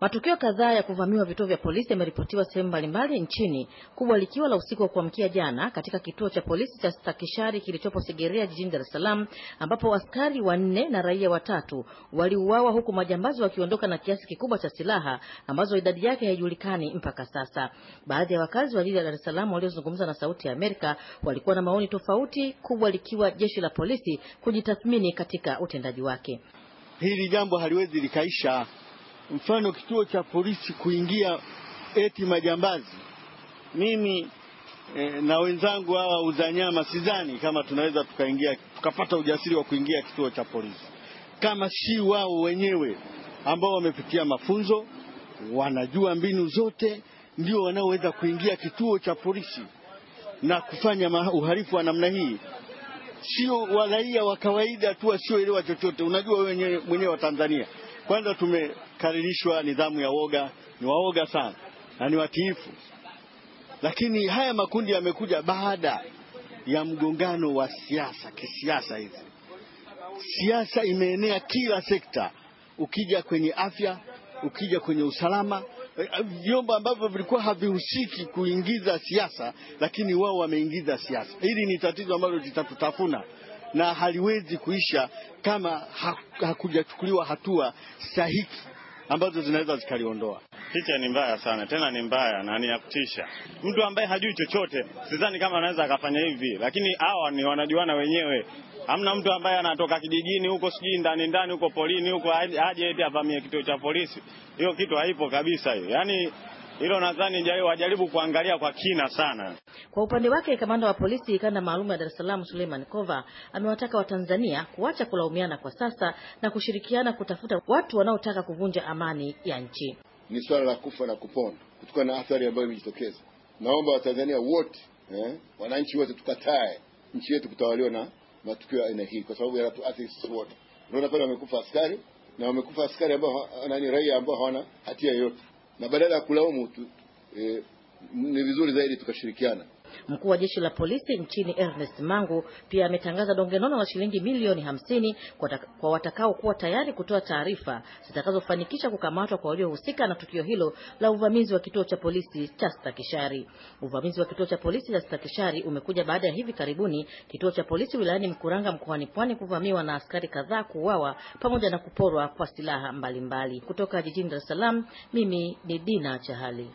Matukio kadhaa ya kuvamiwa vituo vya polisi yameripotiwa sehemu mbalimbali nchini, kubwa likiwa la usiku wa kuamkia jana katika kituo cha polisi cha Stakishari kilichopo Segerea jijini Dar es Salaam, ambapo askari wanne na raia watatu waliuawa huku majambazi wakiondoka na kiasi kikubwa cha silaha ambazo idadi yake haijulikani mpaka sasa. Baadhi ya wakazi wa jiji la Dar es Salaam waliozungumza na Sauti ya Amerika walikuwa na maoni tofauti, kubwa likiwa jeshi la polisi kujitathmini katika utendaji wake. Hili jambo haliwezi likaisha Mfano, kituo cha polisi kuingia eti majambazi, mimi e, na wenzangu hawa uzanyama, sidhani kama tunaweza tukaingia tukapata ujasiri wa kuingia kituo cha polisi kama si wao wenyewe ambao wamepitia mafunzo, wanajua mbinu zote, ndio wanaoweza kuingia kituo cha polisi na kufanya uhalifu wa namna hii. Sio waraia wa kawaida tu wasioelewa chochote. Unajua wewe mwenyewe wa Tanzania kwanza tumekaririshwa nidhamu ya woga, ni waoga sana na ni watiifu, lakini haya makundi yamekuja baada ya mgongano wa siasa kisiasa. Hizi siasa imeenea kila sekta, ukija kwenye afya, ukija kwenye usalama, eh, vyombo ambavyo vilikuwa havihusiki kuingiza siasa, lakini wao wameingiza siasa. Hili ni tatizo ambalo litatutafuna na haliwezi kuisha kama hakujachukuliwa hatua sahihi ambazo zinaweza zikaliondoa. Picha ni mbaya sana, tena ni mbaya na ni ya kutisha. Mtu ambaye hajui chochote, sidhani kama anaweza akafanya hivi, lakini hawa ni wanajuana wenyewe. Hamna mtu ambaye anatoka kijijini huko, sijui ndani ndani huko, polini huko, aje eti avamie kituo cha polisi. Hiyo kitu haipo kabisa hiyo, yaani hilo nadhani wajaribu kuangalia kwa kina sana. Kwa upande wake, kamanda wa polisi kanda maalum ya Dar es Salaam Suleiman Kova amewataka Watanzania kuacha kulaumiana kwa sasa na kushirikiana kutafuta watu wanaotaka kuvunja amani ya nchi. Ni swala la kufa na kupona kutokana na athari ambayo imejitokeza. Naomba Watanzania wote eh, wananchi wote tukatae nchi yetu kutawaliwa na matukio ya aina hii, kwa sababu yanatuathiri sisi wote. Unaona pale wamekufa askari na wamekufa askari ambao nani, raia ambao hawana hatia yoyote na badala ya kulaumu tu, e, ni vizuri zaidi tukashirikiana. Mkuu wa jeshi la polisi nchini Ernest Mangu pia ametangaza dongenono la shilingi milioni hamsini kwa, kwa watakaokuwa tayari kutoa taarifa zitakazofanikisha kukamatwa kwa waliohusika na tukio hilo la uvamizi wa kituo cha polisi cha Stakishari. Uvamizi wa kituo cha polisi cha Stakishari umekuja baada ya hivi karibuni kituo cha polisi wilayani Mkuranga mkoani Pwani kuvamiwa na askari kadhaa kuuawa pamoja na kuporwa kwa silaha mbalimbali mbali. Kutoka jijini Dar es Salaam, mimi ni Dina Chahali.